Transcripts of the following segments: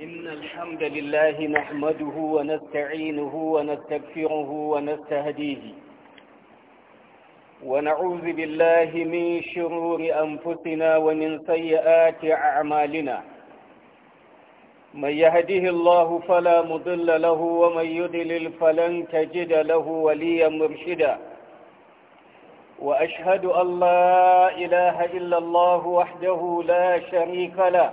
إن الحمد لله نحمده ونستعينه ونستغفره ونستهديه ونعوذ بالله من شرور أنفسنا ومن سيئات أعمالنا من يهده الله فلا مضل له ومن يضلل فلن تجد له وليا مرشدا وأشهد أن لا إله إلا الله وحده لا شريك له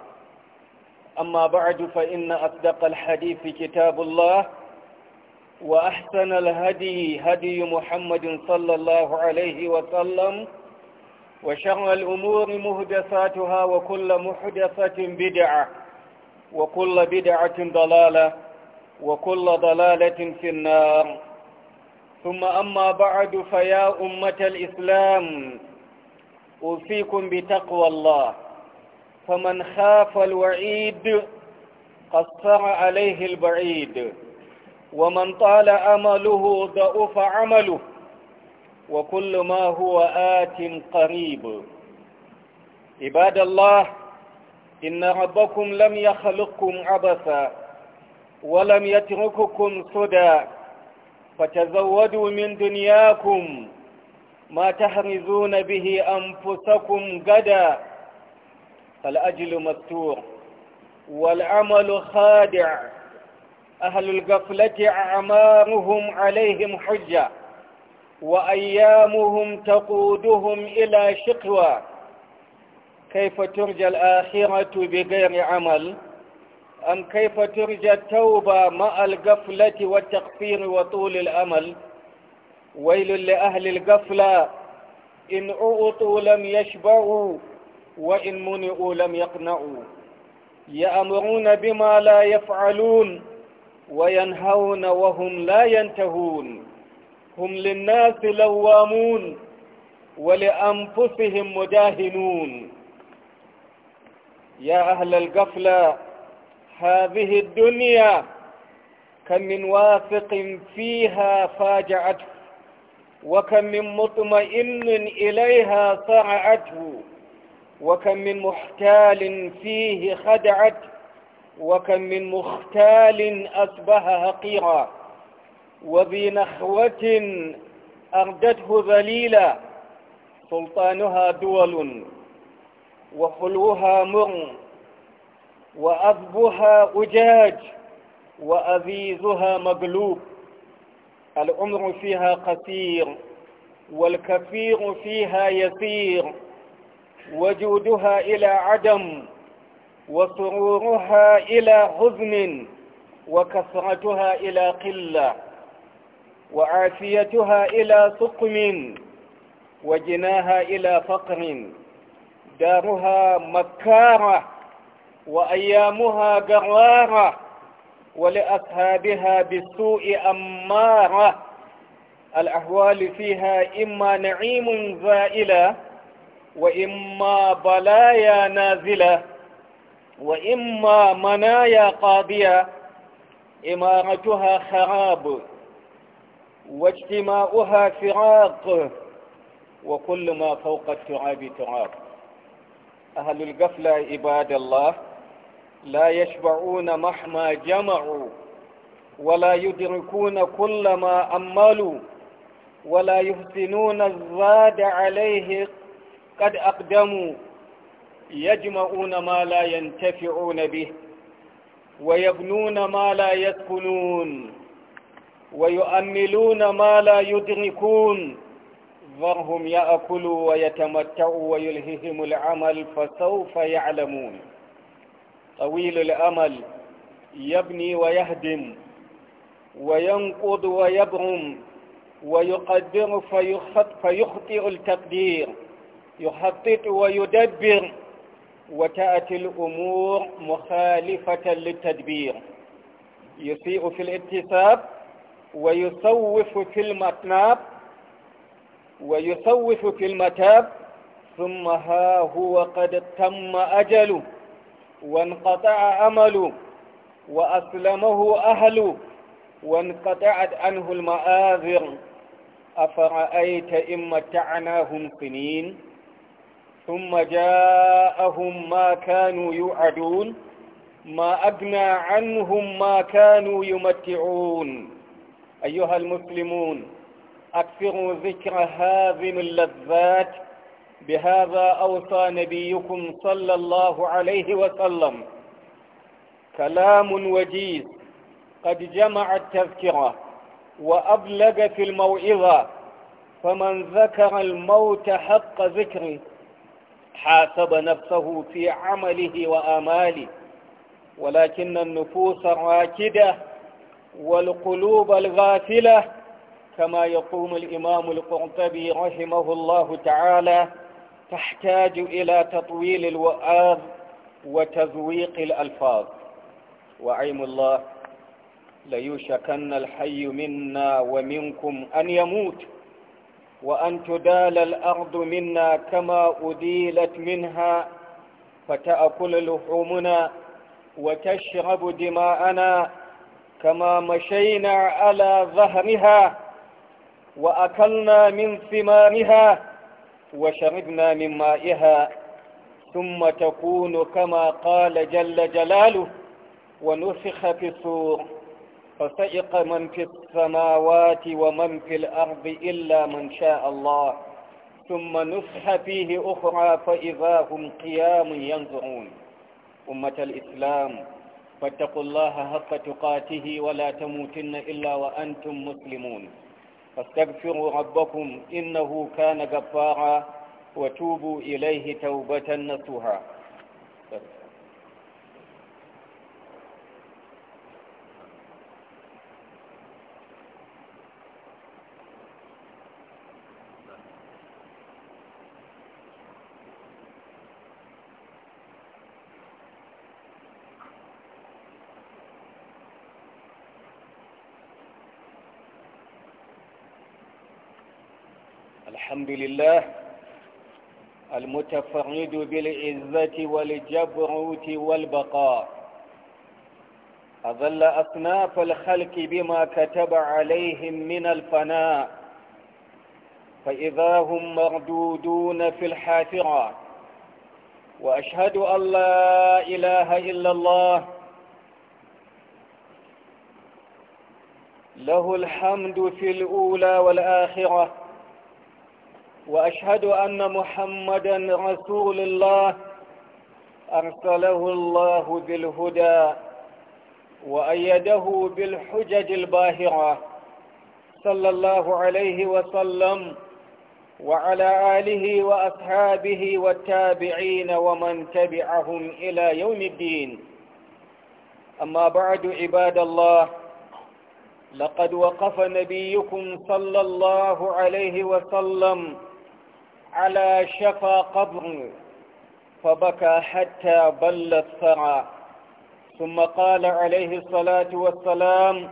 أما بعد فإن أصدق الحديث كتاب الله وأحسن الهدي هدي محمد صلى الله عليه وسلم وشر الأمور مهدساتها وكل محدثة بدعة وكل بدعة ضلالة وكل ضلالة في النار ثم أما بعد فيا أمة الإسلام أوصيكم بتقوى الله فمن خاف الوعيد قصر عليه البعيد ومن طال أمله ضعف عمله وكل ما هو آت قريب عباد الله إن ربكم لم يخلقكم عبثا ولم يترككم سدى فتزودوا من دنياكم ما تحرزون به أنفسكم غدا فالأجل مستور والعمل خادع أهل القفلة أعمارهم عليهم حجة وأيامهم تقودهم إلى شقوى كيف ترجى الآخرة بغير عمل أم كيف ترجى التوبة مع القفلة والتقصير وطول الأمل ويل لأهل القفلة إن أعطوا لم يشبعوا وإن منعوا لم يقنعوا يأمرون بما لا يفعلون وينهون وهم لا ينتهون هم للناس لوامون ولأنفسهم مداهنون يا أهل القفلة هذه الدنيا كم من واثق فيها فاجعته وكم من مطمئن إليها صععته وكم من محتال فيه خدعت وكم من مختال أصبح هقيرا وبنخوة أردته ذليلا سلطانها دول وحلوها مر وأذبها أجاج وأذيذها مقلوب العمر فيها قصير والكثير فيها يسير وجودها إلى عدم وسرورها إلى حزن وكثرتها إلى قلة وعافيتها إلى سقم وجناها إلى فقر دارها مكارة وأيامها قرارة ولأصحابها بالسوء أمارة الأحوال فيها إما نعيم زائلة وإما بلايا نازلة وإما منايا قاضية إمارتها خراب واجتماؤها فراق وكل ما فوق التراب تراب أهل القفلة عباد الله لا يشبعون مهما جمعوا ولا يدركون كل ما أملوا ولا يحسنون الزاد عليه قد أقدموا يجمعون ما لا ينتفعون به ويبنون ما لا يسكنون ويؤملون ما لا يدركون ذرهم يأكلوا ويتمتعوا ويلههم العمل فسوف يعلمون طويل الأمل يبني ويهدم وينقض ويبرم ويقدر فيخطئ التقدير يخطط ويدبر وتأتي الأمور مخالفة للتدبير يسيء في الاتساب ويسوف في المطناب ويسوف في المتاب ثم ها هو قد تم أجله وانقطع أمله وأسلمه أهله وانقطعت عنه المآذر أفرأيت إن متعناهم سنين ثم جاءهم ما كانوا يوعدون ما أغنى عنهم ما كانوا يمتعون أيها المسلمون أكثروا ذكر هذه اللذات بهذا أوصى نبيكم صلى الله عليه وسلم كلام وجيز قد جمع التذكرة وأبلغ في الموعظة فمن ذكر الموت حق ذكره حاسب نفسه في عمله وآماله ولكن النفوس الراكدة والقلوب الغافلة كما يقوم الإمام القرطبي رحمه الله تعالى تحتاج إلى تطويل الوآذ وتزويق الألفاظ وعيم الله ليوشكن الحي منا ومنكم أن يموت وأن تدال الأرض منا كما أديلت منها فتأكل لحومنا وتشرب دماءنا كما مشينا على ظهرها وأكلنا من ثمارها وشربنا من مائها ثم تكون كما قال جل جلاله ونفخ في الصور فسئق من في السماوات ومن في الأرض إلا من شاء الله ثم نفح فيه أخرى فإذا هم قيام ينظرون أمة الإسلام فاتقوا الله حق تقاته ولا تموتن إلا وأنتم مسلمون فاستغفروا ربكم إنه كان غفارا وتوبوا إليه توبة نصوحا الحمد لله المتفرد بالعزة والجبروت والبقاء أظل أصناف الخلق بما كتب عليهم من الفناء فإذا هم مردودون في الحافرة وأشهد أن لا إله إلا الله له الحمد في الأولى والآخرة وأشهد أن محمدا رسول الله أرسله الله بالهدى وأيده بالحجج الباهرة صلى الله عليه وسلم وعلى آله وأصحابه والتابعين ومن تبعهم إلى يوم الدين أما بعد عباد الله لقد وقف نبيكم صلى الله عليه وسلم على شفا قبر فبكى حتى بل الثرى ثم قال عليه الصلاة والسلام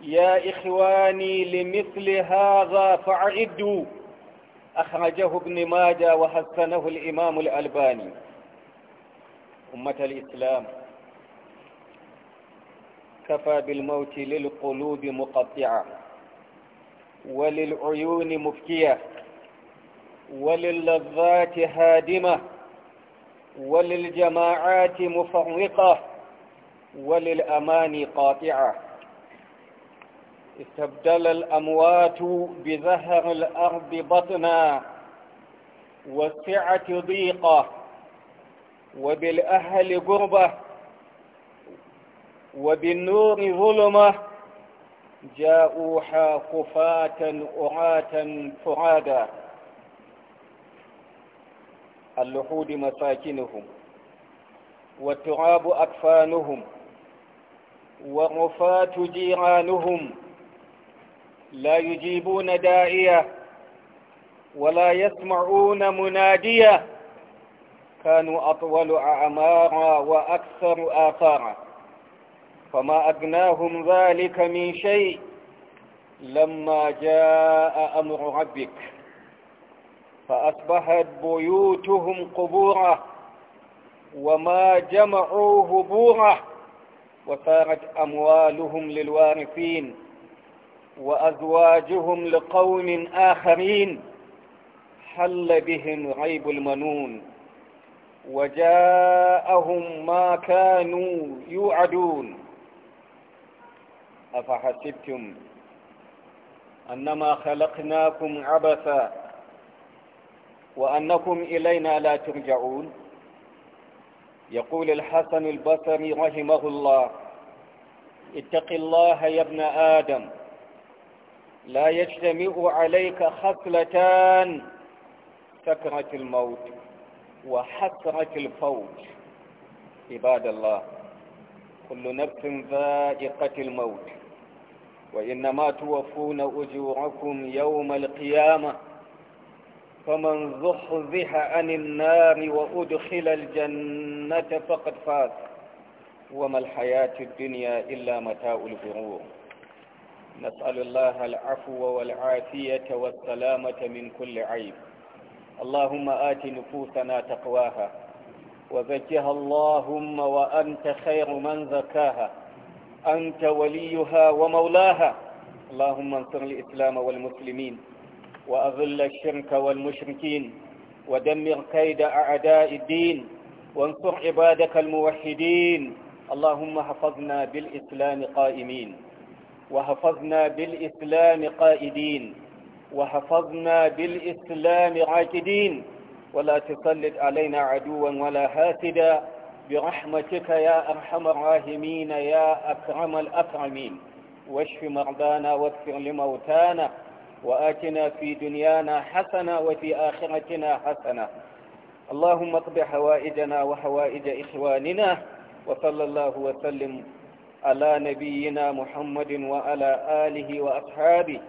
يا إخواني لمثل هذا فأعدوا أخرجه ابن ماجه وحسنه الإمام الألباني أمة الإسلام كفى بالموت للقلوب مقطعة وللعيون مبكية وللذات هادمة وللجماعات مفرقة وللأمان قاطعة استبدل الأموات بزهر الأرض بطنا والسعة ضيقة وبالأهل قربة وبالنور ظلمة جاءوا خفاة أعاتا فرادا اللحود مساكنهم والتراب أكفانهم والرفات جيرانهم لا يجيبون داعية ولا يسمعون منادية كانوا أطول أعمارا وأكثر آثارا فما أغناهم ذلك من شيء لما جاء أمر ربك فأصبحت بيوتهم قبورا وما جمعوا هبورا وصارت أموالهم للوارثين وأزواجهم لقوم آخرين حل بهم عيب المنون وجاءهم ما كانوا يوعدون أفحسبتم أنما خلقناكم عبثا وأنكم إلينا لا ترجعون يقول الحسن البصري رحمه الله اتق الله يا ابن آدم لا يجتمع عليك خصلتان سكرة الموت وحسرة الفوت عباد الله كل نفس ذائقة الموت وإنما توفون أجوركم يوم القيامة فمن زحزح عن النار وأدخل الجنة فقد فاز وما الحياة الدنيا إلا متاع الغرور نسأل الله العفو والعافية والسلامة من كل عيب اللهم آت نفوسنا تقواها وزكها اللهم وأنت خير من زكاها أنت وليها ومولاها اللهم انصر الإسلام والمسلمين وأذل الشرك والمشركين ودمر كيد أعداء الدين وانصر عبادك الموحدين اللهم حفظنا بالإسلام قائمين وحفظنا بالإسلام قائدين وحفظنا بالإسلام عاكدين ولا تسلط علينا عدوا ولا حاسدا برحمتك يا أرحم الراحمين يا أكرم الأكرمين واشف مرضانا واغفر لموتانا وآتنا في دنيانا حسنة وفي آخرتنا حسنة اللهم اقض حوائجنا وحوائج إخواننا وصلى الله وسلم على نبينا محمد وعلى آله وأصحابه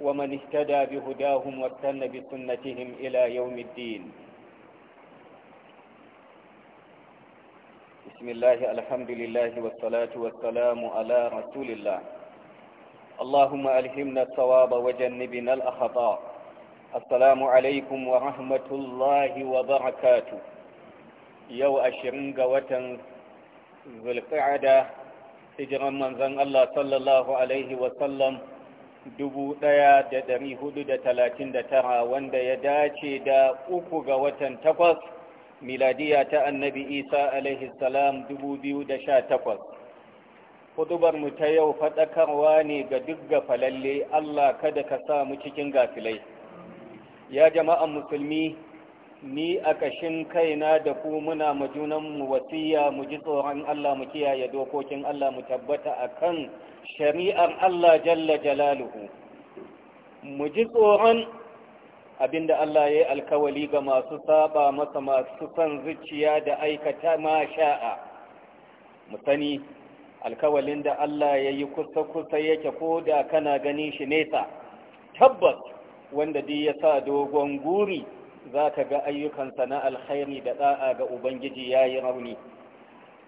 ومن اهتدى بهداهم واستنى بسنتهم إلى يوم الدين بسم الله الحمد لله والصلاة والسلام على رسول الله اللهم ألهمنا الصواب وجنبنا الأخطاء السلام عليكم ورحمة الله وبركاته يو أشرين قوة ذو القعدة هجرا من زن الله صلى الله عليه وسلم dubu ɗaya da ɗari hudu da talatin da tara wanda ya dace da uku ga watan takwas miladiya ta annabi isa alaihi salam dubu biyu da sha takwas hudubar mu ta yau faɗakarwa ne ga duk ga falalle, Allah kada ka sa mu cikin gafilai ya jama'an musulmi ni a ƙashin kaina da ku muna majunan mu wasiya mu ji tsoron Allah mu kiyaye dokokin Allah mu tabbata akan shari'ar Allah jalla jalaluhu mu ji tsoron abinda Allah ya yi alkawali ga masu saba masa masu son zuciya da aikata ma sha'a mu sani alkawalin da Allah ya yi kusa-kusa yake ko da kana ganin shi nesa tabbas wanda dai ya sa dogon guri za ka ga ayyukansa na alkhairi da ɗa'a ga ubangiji ya yi rauni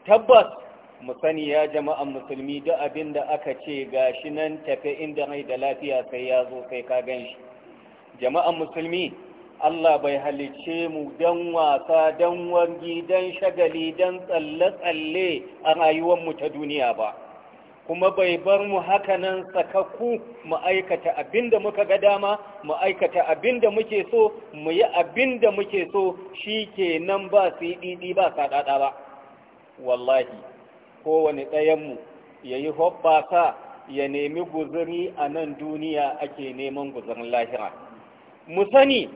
tabbas mu sani ya jama'an musulmi da abin da aka ce ga shi nan tafe inda rai da lafiya sai ya zo sai ka gan shi jama'an musulmi Allah bai halice mu don wasa don wangi don shagali don tsalle-tsalle a rayuwarmu ta duniya ba kuma bai bar mu hakanan sakakku mu aikata abin da muka ga dama mu aikata abin da muke so mu yi abin da muke so shi ke nan ba su yi ɗiɗi ba saɗaɗa ba wallahi kowane ɗayanmu ya yi sa ya nemi guzuri a nan duniya ake neman guzurin lahira mu sani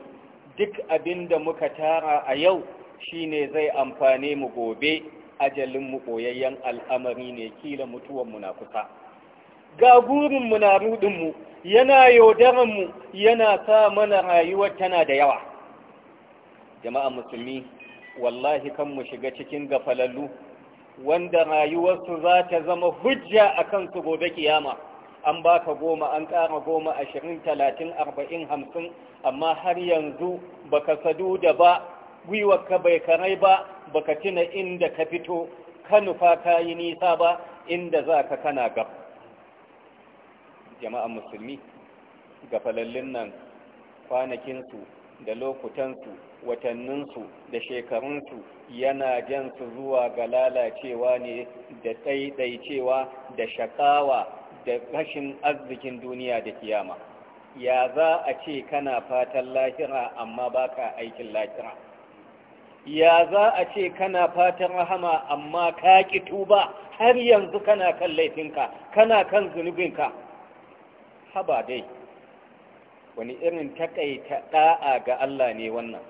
duk abin da muka tara a yau shine zai amfane mu gobe ajalin mu koyayyen al'amari ne kila mutuwan mu na kusa ga gurin mu na rudin mu yana yaudaran mu yana sa mana rayuwar tana da yawa jama'a musulmi wallahi kan mu shiga cikin gafalallu wanda rayuwarsu za ta zama hujja akan su gobe kiyama an baka goma an kara goma ashirin talatin arba'in hamsin amma har yanzu baka sadu da ba gwiwarka bai karai ba baka tuna inda ka fito ka nufa ka yi nisa ba inda za ka kana gab jama'an musulmi gafalallin nan kwanakinsu da lokutansu watanninsu da shekarunsu yana jansu zuwa ga lalacewa ne da ɗaiɗaicewa da shakawa da rashin arzikin duniya da kiyama ya za a ce kana fatan lahira amma baka aikin lahira ya za a ce kana fatan rahama amma ka ki tuba har yanzu kana kan laifinka kana kan zunubinka haba dai wani irin takaita da'a ga Allah ne wannan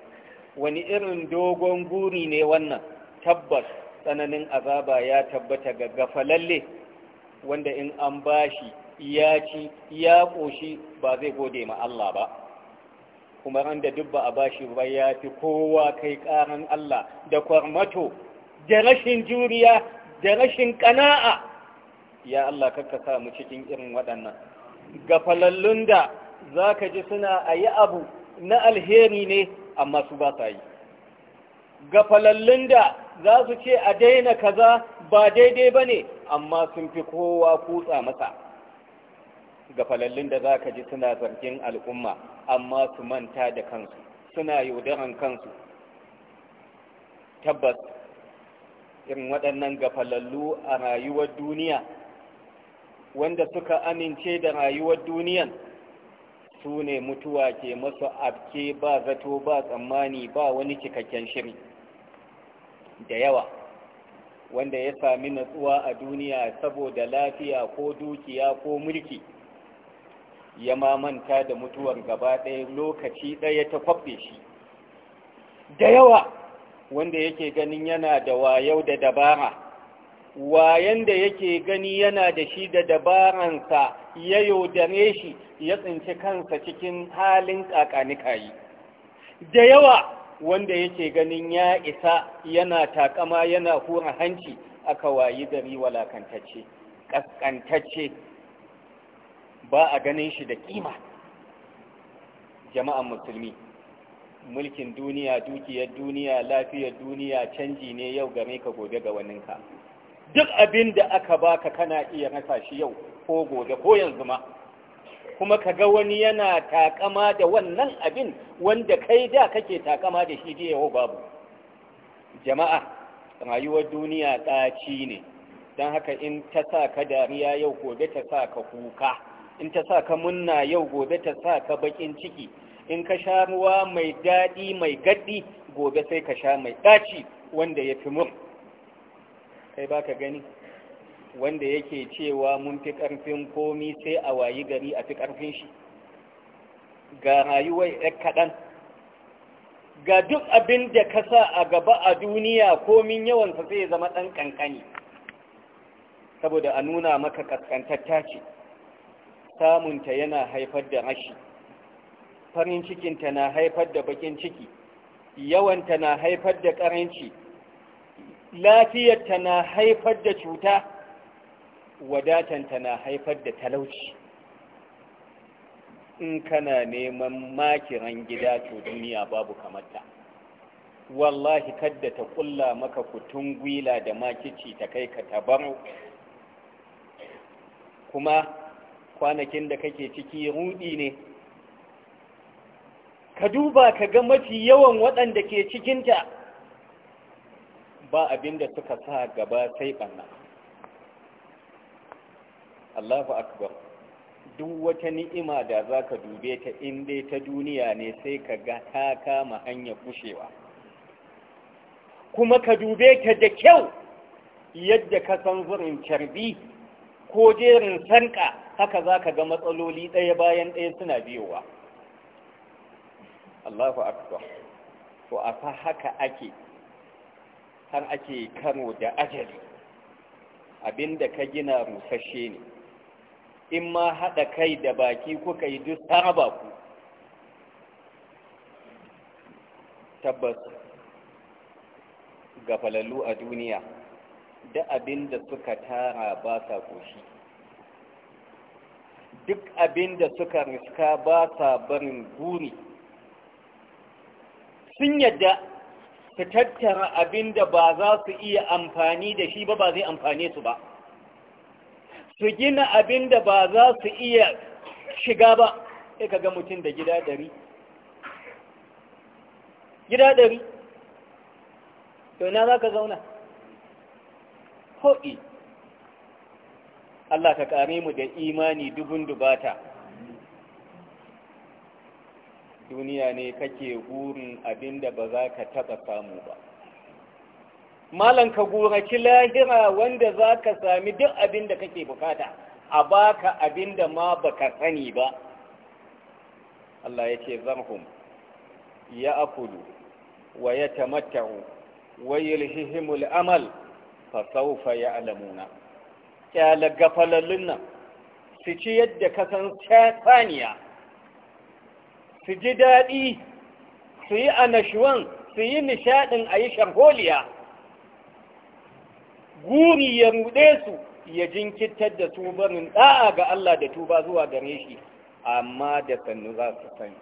wani irin dogon guri ne wannan tabbas tsananin azaba ya tabbata ga gafalalle wanda in an bashi ya ci ya ƙoshi ba zai gode ma Allah ba kuma ran da duk ba a bashi ba ya fi kowa kai ƙaran Allah da kwarmato da rashin juriya da rashin ƙana'a ya Allah kakka samu cikin irin waɗannan Ga gafalallun da za ka ji suna a yi abu na alheri ne amma su ba sa yi gafalallun da za su ce a daina kaza ba daidai ba ne amma sun fi kowa kutsa masa ga falallin da za ka ji suna zargin al'umma amma su manta da kansu suna yaudaran kansu tabbas irin waɗannan gafalallu a rayuwar duniya wanda suka amince da rayuwar duniyan su ne mutuwa ke masu abke ba zato ba tsammani ba wani cikakken shiri da yawa wanda ya sami natsuwa a duniya saboda lafiya ko dukiya ko mulki ya mamanta da mutuwar gaba ɗaya lokaci ɗaya ta kwaɓe shi da yawa wanda yake ganin yana da wayau da dabara wayan da yake gani yana da shi da dabaransa ya yaudare shi ya tsinci kansa cikin halin ƙaƙanikayi da yawa wanda yake ganin ya isa yana takama yana hura hanci aka wayi gari walakantacce ƙasƙantacce ba a ganin shi da kima. jama'an musulmi mulkin duniya dukiyar duniya lafiyar duniya canji ne yau game ka gobe ga waninka duk abin da aka baka kana iya rasa shi yau ko gobe ko yanzu ma kuma ka ga wani yana takama da wannan abin wanda kai da kake takama da shi yau babu jama'a rayuwar duniya ɗaci ne don haka in ta sa ka dariya yau gobe ta sa ka kuka in ta sa ka munna yau gobe ta sa ka bakin ciki in ka sha ruwa mai daɗi mai gaɗi gobe sai ka sha mai ɗaci wanda ya fi mur kai ba ka gani wanda yake cewa mun fi ƙarfin komi sai a wayi gari a fi ƙarfin shi ga rayuwar ‘yar kaɗan ga duk abin da ka sa a gaba a duniya komin yawansa zai zama ɗan ƙanƙani saboda a nuna maka ƙasƙantatta ce samunta yana haifar da rashi farin cikinta na haifar da bakin ciki yawanta na haifar da ƙaranci lafiyarta na haifar da cuta wadatanta na haifar da talauci in kana neman makiran gida to duniya babu kamata wallahi kadda ta kulla maka kutun gwila da makici ta kai ka tabar kuma kwanakin da kake ciki rudi ne ka duba ka ga mafi yawan waɗanda ke cikinta ba abinda suka sa gaba sai ɓanna Allahu akbar duk wata ni'ima da za dube ta in dai ta duniya ne sai ka ga ta kama hanyar kushewa kuma ka dube ta da kyau yadda ka san zurin carbi ko jerin sanka haka za ka ga matsaloli ɗaya bayan ɗaya suna biyowa Allahu akbar to a fa haka ake har ake karo da ajali abinda ka gina rusashe ne in ma haɗa kai da baki kuka yi duk ba ku tabbas gafalallu a duniya da abin da suka tara ba sa koshi duk abin da suka riska ba sa barin buri sun yadda su tattara abin da ba za su iya amfani da shi ba ba zai amfane su ba su gina abin da ba za su iya shiga ba sai ka ga mutum da gida ɗari gida ɗari na za ka zauna ho'i Allah ka ƙare mu da imani dubun dubata duniya ne kake gurin abin da ba za ka taɓa samu ba malan ka guraki lahira wanda za ka sami duk abin da kake bukata a baka abin da ma baka sani ba Allah ya ce zarhum ya akulu wa ya tamattaru wa yulhihimul amal fa sawfa ya'lamuna kyala gafalallun nan su ci yadda ka san su ji daɗi su yi anashuwan su yi nishaɗin a yi sharholiya guri ya ruɗe su ya jinkitar da tubarin, da'a ga Allah da tuba zuwa gare shi amma da sannu za ka sani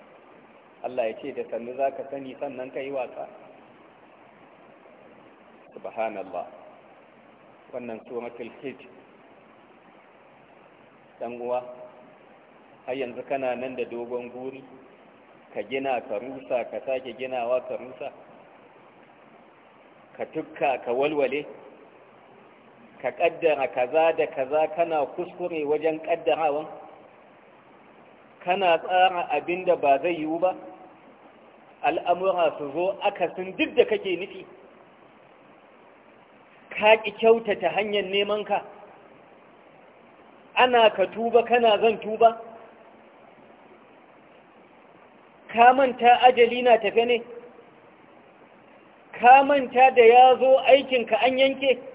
Allah ya ce da sannu za ka sani sannan ka yi wasa subhanallah wannan suratul hijj dan uwa har yanzu kana nan da dogon guri ka gina ka rusa ka sake ginawa ka rusa ka tukka ka walwale ka kaddara kaza da kaza kana kuskure wajen kaddarawan kana tsara abin ba zai yiwu ba al'amura su zo akasin duk da kake nufi ka ƙi kyautata hanyar neman ka ana ka tuba kana zan tuba ka manta ajali na tafe ne ka manta da ya zo aikinka an yanke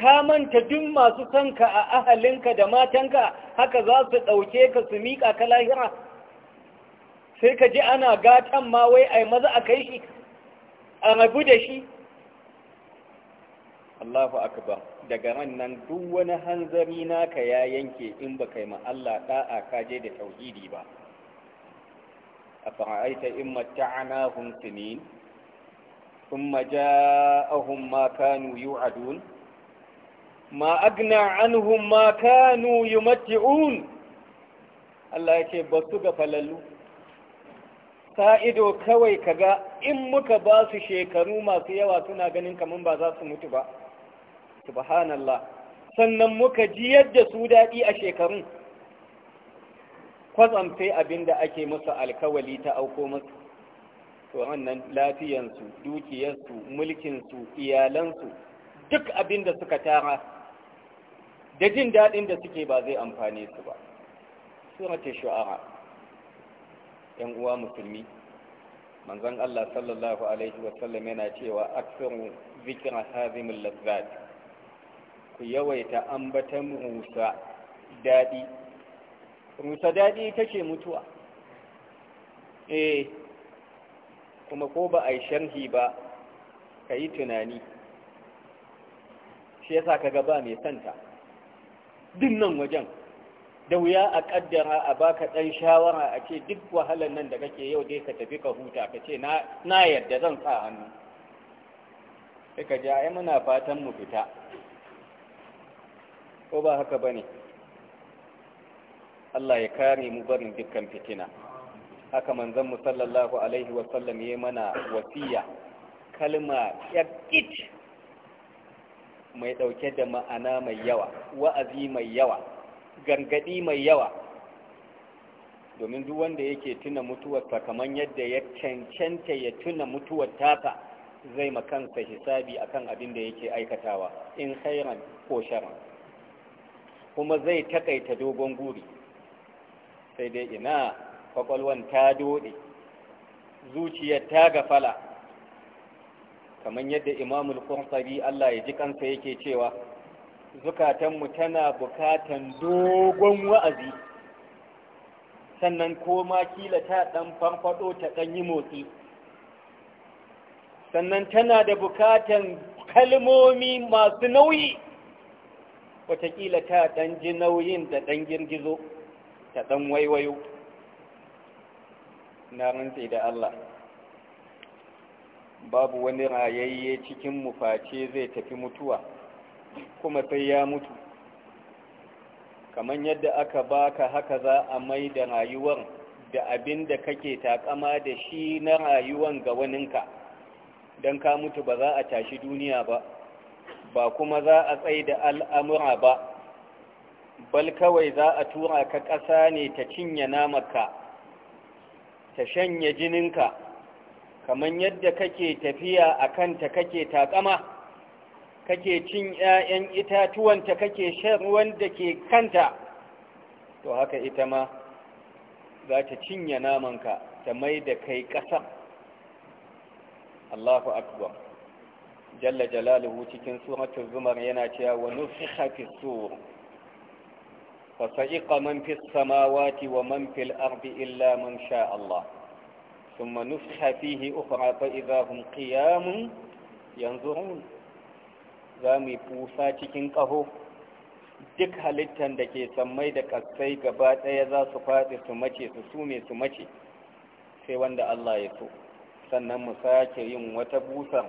ka manta duk masu sanka a ahalinka da matanka haka za su ɗauke ka su miƙa ka lahira sai ka ji ana gatan ma wai yi maza a kai shi a rabu da shi Allahu akbar daga ran nan duk wani hanzari naka ya yanke in ba kai ma Allah da'a ka je da tauhidi ba A أفرأيت إن متعناهم سنين ثم جاءهم ما كانوا يوعدون ma agna anhum ma kanu yumatti'un Allah ya ce ba su ga falalu. sa ido kawai kaga in muka basu shekaru masu yawa suna ganin kamar ba za su mutu ba subhanallah sannan muka ji yadda su daɗi a shekarun kwatsam sai abin da ake musu alkawali ta auko musu to wannan lafiyansu dukiyarsu mulkinsu iyalansu duk abinda suka tara da jin daɗin da suke ba zai amfane su ba ce shu'ara yan uwa musulmi manzon Allah sallallahu alaihi wasallam yana cewa aktsaru zikra hazimul lazzat ku yawaita ambatan rusa daɗi rusa daɗi ta ce mutuwa eh kuma ko ba a yi sharhi ba ka yi tunani shi yasa kaga ba mai santa dinnan wajen da wuya a kaddara a baka ɗan shawara a ce duk wahalar nan da kake yau dai ka tafi ka huta ka ce na yadda zan sa hannu sai ka ji ai muna fatan mu fita ko ba haka bane Allah ya kare mu barin dukkan fitina haka manzon mu sallallahu alaihi wa sallam yayi mana wasiya kalma yakit mai ɗauke da ma'ana mai yawa wa'azi mai yawa gargaɗi mai yawa domin duk wanda yake tuna mutuwarsa kamar yadda ya cancanta ya tuna mutuwar taka zai makansa hisabi akan abin da yake aikatawa in khairan ko sharan kuma zai takaita dogon guri sai dai ina kwakwalwan ta dode zuciyar ta gafala kamar yadda imamul qurtubi Allah ya ji kansa yake cewa zukatanmu tana bukatan dogon wa'azi sannan koma kila ta ɗan farfado ta ɗan yi motsi sannan tana da bukatan kalmomi masu nauyi watakila ta ɗan ji nauyin da ɗan girgizo ta ɗan waiwayo na rantse da Allah babu wani rayayye cikin mu face zai tafi mutuwa kuma sai ya mutu kamar yadda aka baka haka za a mai da rayuwar da abin da kake takama da shi na rayuwan ga waninka don ka mutu ba za a tashi duniya ba ba kuma za a tsaye da al'amura ba bal kawai za a tura ka ƙasa ne ta cinye namarka ta shanye jininka kamar yadda kake tafiya a kanta kake takama kake cin 'ya'yan itatuwanta kake shan ruwan da ke kanta to haka ita ma za ta cinye namanka ta mai da kai ƙasa Allahu akbar jalla jalaluhu cikin suratu zumar yana cewa wa nufikha fis sur fa sa'iqa man fis samawati wa man fil ardi illa man sha Allah ثم نفح فيه أخرى فإذا هم قيام ينظرون زامي cikin قهو duk halittar da ke sammai da ƙasai gaba ɗaya za su faɗi su mace su sume su mace sai wanda Allah ya so sannan mu sake yin wata busar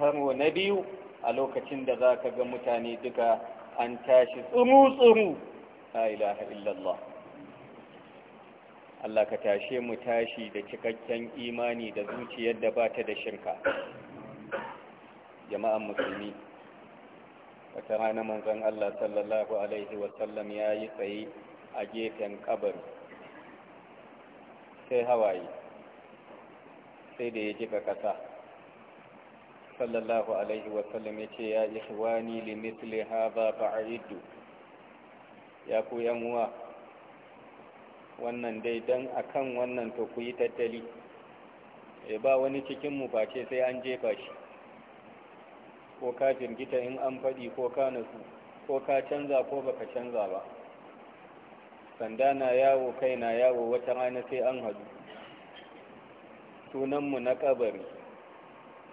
karo na biyu a lokacin da za ka ga mutane duka an tashi tsuru-tsuru la ilaha illallah Allah ka tashe mu tashi da cikakken imani da zuciyar da ba ta da shirka jama'an musulmi wata rana manzon Allah sallallahu alaihi wasallam ya yi tsaye a gefen kabari sai hawaye sai da ya jika kasa sallallahu alaihi wasallam ya ce ya ihwani li ba hadha fa'iddu ya ku yan uwa wannan dai don a kan wannan to ku yi tattali e ba wani cikinmu face sai an jefa shi ko ka jirgita in an faɗi ko ka nasu ko ka canza ko baka canza ba sanda na yawo kai na yawo wata rana sai an hadu sunanmu na kabari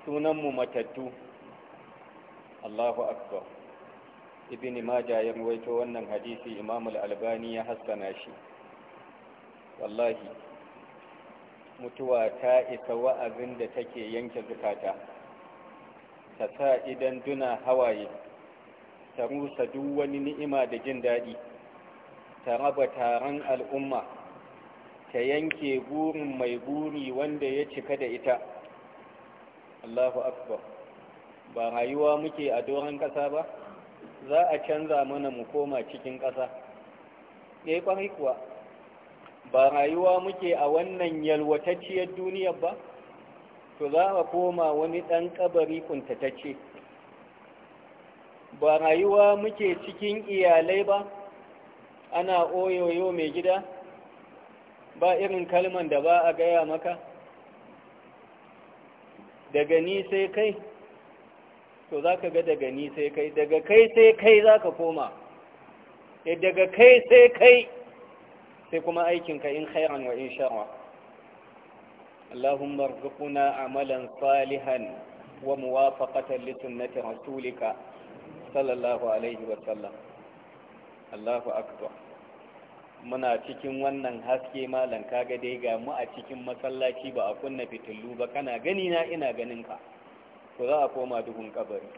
sunanmu matattu allahu akbar ibini ma ya waito wannan hadisi imamul albani ya haskana shi wallahi mutuwa ta isa wa'azin da take yanke zukata ta sa idan duna hawaye ta rusa duk wani ni'ima da jin daɗi ta raba taron al'umma ta yanke burin mai buri wanda ya cika da ita allahu akbar ba rayuwa muke a doron ƙasa ba za a canza mana mu koma cikin ƙasa ya eh, yi kuwa ba rayuwa muke a wannan yalwatacciyar duniyar ba to za a koma wani ɗan ƙabari kuntatacce ba rayuwa muke cikin iyalai ba ana oyoyo mai gida ba irin kalman da ba a gaya maka daga ni sai kai to za ka ga daga ni sai kai daga kai sai kai za ka koma eh, daga kai sai kai sai kuma aikinka in khairan wa in sharra اللهم ارزقنا عملا صالحا وموافقة لسنة رسولك صلى الله عليه وسلم الله أكبر muna cikin wannan haske malam kaga dai ga mu a cikin masallaci ba a kunna fitilu ba kana gani na ina ganin ka to za a koma duhun kabari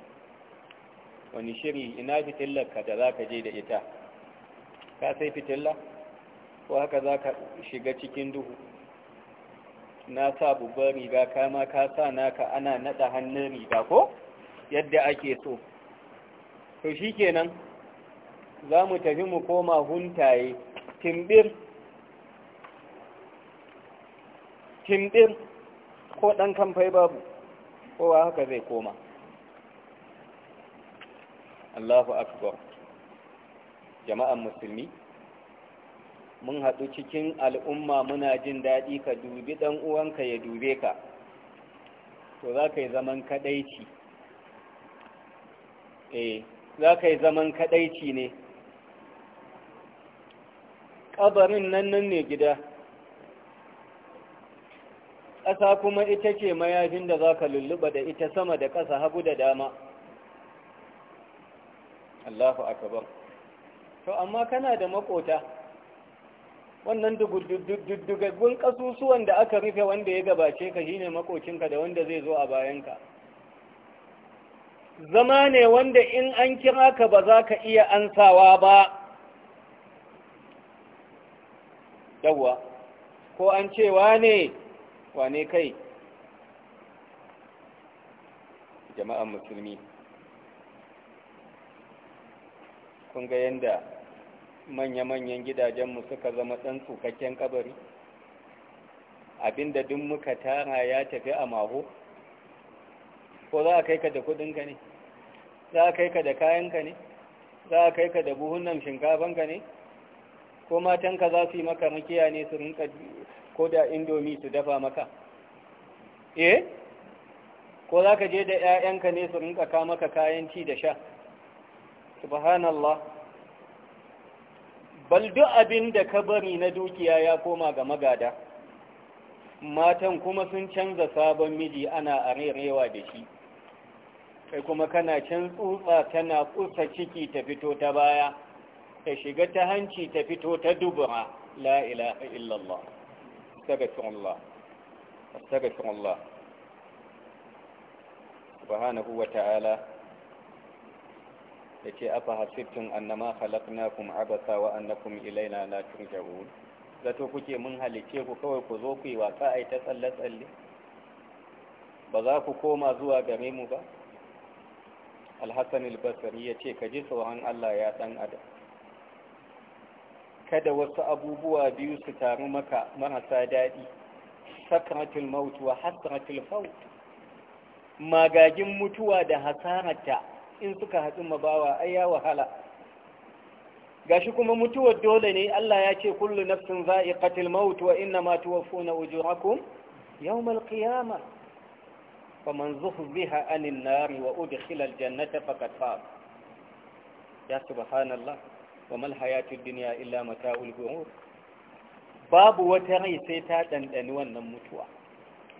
wani shiri ina fitillar ka da za ka je da ita ka sai fitilla? ko haka za ka shiga cikin duhu na sa babban riga kama ka sa naka ana nada hannun riga ko yadda ake so to shi kenan za mu tafi mu koma huntaye timbir timbir ko ɗan kamfai babu kowa haka zai koma Allahu akbar jama'an musulmi mun haɗu cikin al'umma muna jin daɗi ka dubi ɗan uwanka ya dube ka to za ka yi zaman kaɗaici eh za ka yi zaman kaɗaici ne ƙabarin nan nan ne gida ƙasa kuma ita ce mayajin da za ka lulluɓa da ita sama da ƙasa hagu da dama Allahu akabar to amma kana da maƙota wannan dugagun kasusuwan da aka rufe wanda ya gabace ka shine makocinka da wanda zai zo a bayanka zama ne wanda in an kira ka ba za ka iya ansawa ba yawwa ko an ce wane wane kai jama'an musulmi kun ga yanda manya-manyan gidajenmu suka zama ɗan tsukakken kabari abinda duk muka tara ya tafi a maho ko za a kai ka da kudinka ne za a kai ka da kayanka ne za a kai ka da buhunan shinkafanka ne ko matanka za su yi maka makiya ne su rinka ko da indomi su dafa maka eh ko za ka je da 'ya'yanka ne su rinka ka maka kayan ci da sha subhanallah bal duk abin da ka bari na dukiya ya koma ga magada matan kuma sun canza sabon miji ana arerewa da shi kai kuma kana can tsutsa tana kusa ciki ta fito ta baya ta shiga ta hanci ta fito ta dubura la ilaha illallah astaghfirullah astaghfirullah subhanahu wa ta'ala yace afa hasibtum annama khalaqnakum abasa wa annakum ilaina la turja'un zato kuke mun halice ku kawai ku zo ku yi wasa ai ta tsalle tsalle ba za ku koma zuwa game mu ba alhassan albasari ya ce ka ji tsoron allah ya dan adam kada wasu abubuwa biyu su taru maka marasa daɗi sakratul maut wa hasratul maut magagin mutuwa da hasarata. in suka haɗu mabawa ai ya wahala gashi kuma mutuwar dole ne Allah ya ce kullu nafsin za'iqatil maut wa innama tuwaffuna ujurakum yawmal qiyamah faman zuhziha anin nari wa udkhila aljannata faqad faz ya subhanallah wa mal hayatud dunya illa mata'ul ghurur babu wata rai sai ta dandani wannan mutuwa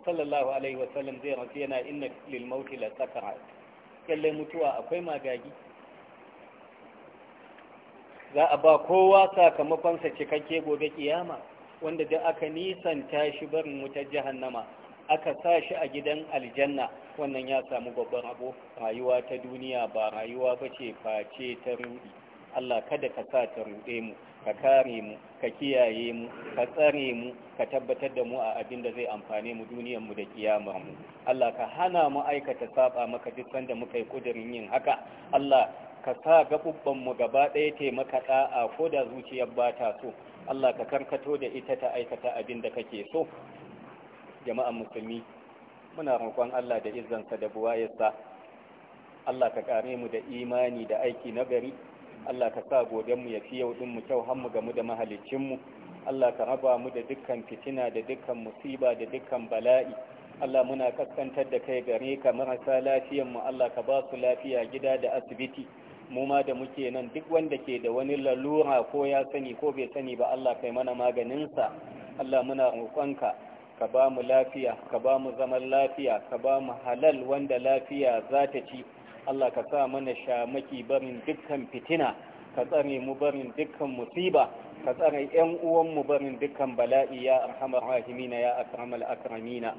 sallallahu alaihi wa sallam zai rafi yana inna lil maut la sakarat kyalle mutuwa akwai magagi za a ba kowa sakamakonsa cikakke gobe kiyama wanda da aka nisanta shi barin wutar jahannama aka sa shi a gidan aljanna wannan ya samu babban abu rayuwa ta duniya ba rayuwa bace face ta rudi Allah kada ka sa ta rude mu ka kare mu ka kiyaye mu ka tsare mu ka tabbatar da mu a abin da zai amfane mu duniyar mu da kiyamar mu Allah ka hana mu aikata saba maka duk sanda muka yi kudirin yin haka Allah ka sa gaɓuɓɓan mu gaba ɗaya taimaka ɗa'a ko da zuciyar ba ta so Allah ka karkato da ita ta aikata abin da kake so jama'an musulmi muna roƙon Allah da izzansa da buwayarsa Allah ka kare mu da imani da aiki na gari. Allah ka sa mu ya fi yau mu kyau har mu gamu da mahalicinmu Allah ka raba mu da dukkan fitina da dukkan musiba da dukkan bala'i Allah muna kaskantar da kai gare ka marasa lafiyanmu Allah ka ba su lafiya gida da asibiti mu ma da muke nan duk wanda ke da wani lalura ko ya sani ko bai sani ba Allah kai mana maganinsa Allah muna roƙonka ka ba mu lafiya ka ba mu zaman lafiya ka ba mu halal wanda lafiya za ta ci Allah ka sa mana shamaki barin dukkan fitina ka tsare mu barin dukkan musiba ka tsare yan uwan mu barin dukkan bala'i ya arhamar rahimina ya akramal akramina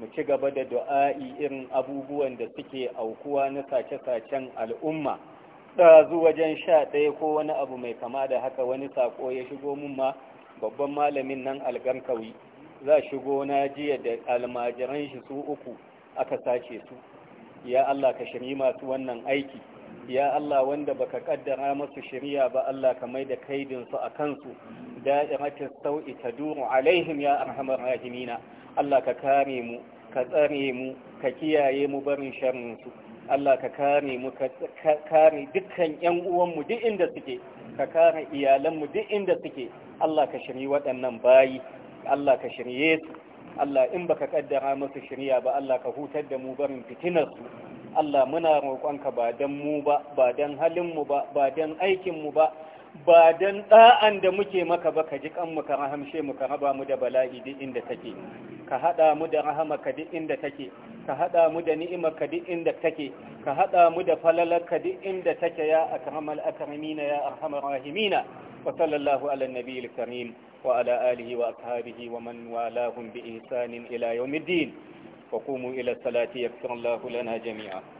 mu ci gaba da du'a'i irin abubuwan da suke aukuwa na sace-sacen al'umma ɗazu wajen sha ɗaya ko wani abu mai kama da haka wani sako ya shigo mun ma babban malamin nan algarkawi za shigo na jiya da almajiran shi su uku aka sace su ya Allah ka shirye masu wannan aiki ya Allah wanda baka kaddara masu shirya ba Allah ka maida da kaidinsu a kansu da'iratis sau'i ta duru. alaihim ya arhamar rahimina Allah ka kare mu ka tsare mu ka kiyaye mu barin sharrin su Allah ka kare mu ka kare dukkan ƴan uwanmu duk inda suke ka kare iyalan mu duk inda suke Allah ka shirye waɗannan bayi Allah ka shirye su Allah in baka kaddara musu shirya ba Allah ka hutar da mu barin su Allah muna roƙonka ba dan mu ba ba dan halin mu ba ba dan aikin mu ba ba dan da'an da muke maka ba ka ji kan mu ka rahamshe mu ka raba mu da bala'i duk inda take ka hada mu da rahamaka duk inda take ka hada mu da ni'imarka duk inda take ka hada mu da falalarka duk inda take ya akramal akramina ya arhamar rahimina وصلى الله على النبي الكريم وعلى آله وأصحابه ومن والاهم بإحسان إلى يوم الدين وقوموا إلى الصلاة يغفر الله لنا جميعا